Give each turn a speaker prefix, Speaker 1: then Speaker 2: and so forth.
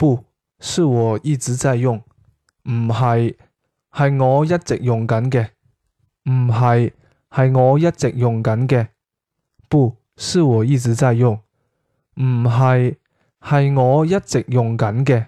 Speaker 1: 不，是我一直在用，唔係，係我一直用緊嘅，唔係，係我一直用緊嘅，不，是我一直在用，唔係，係我一直用緊嘅。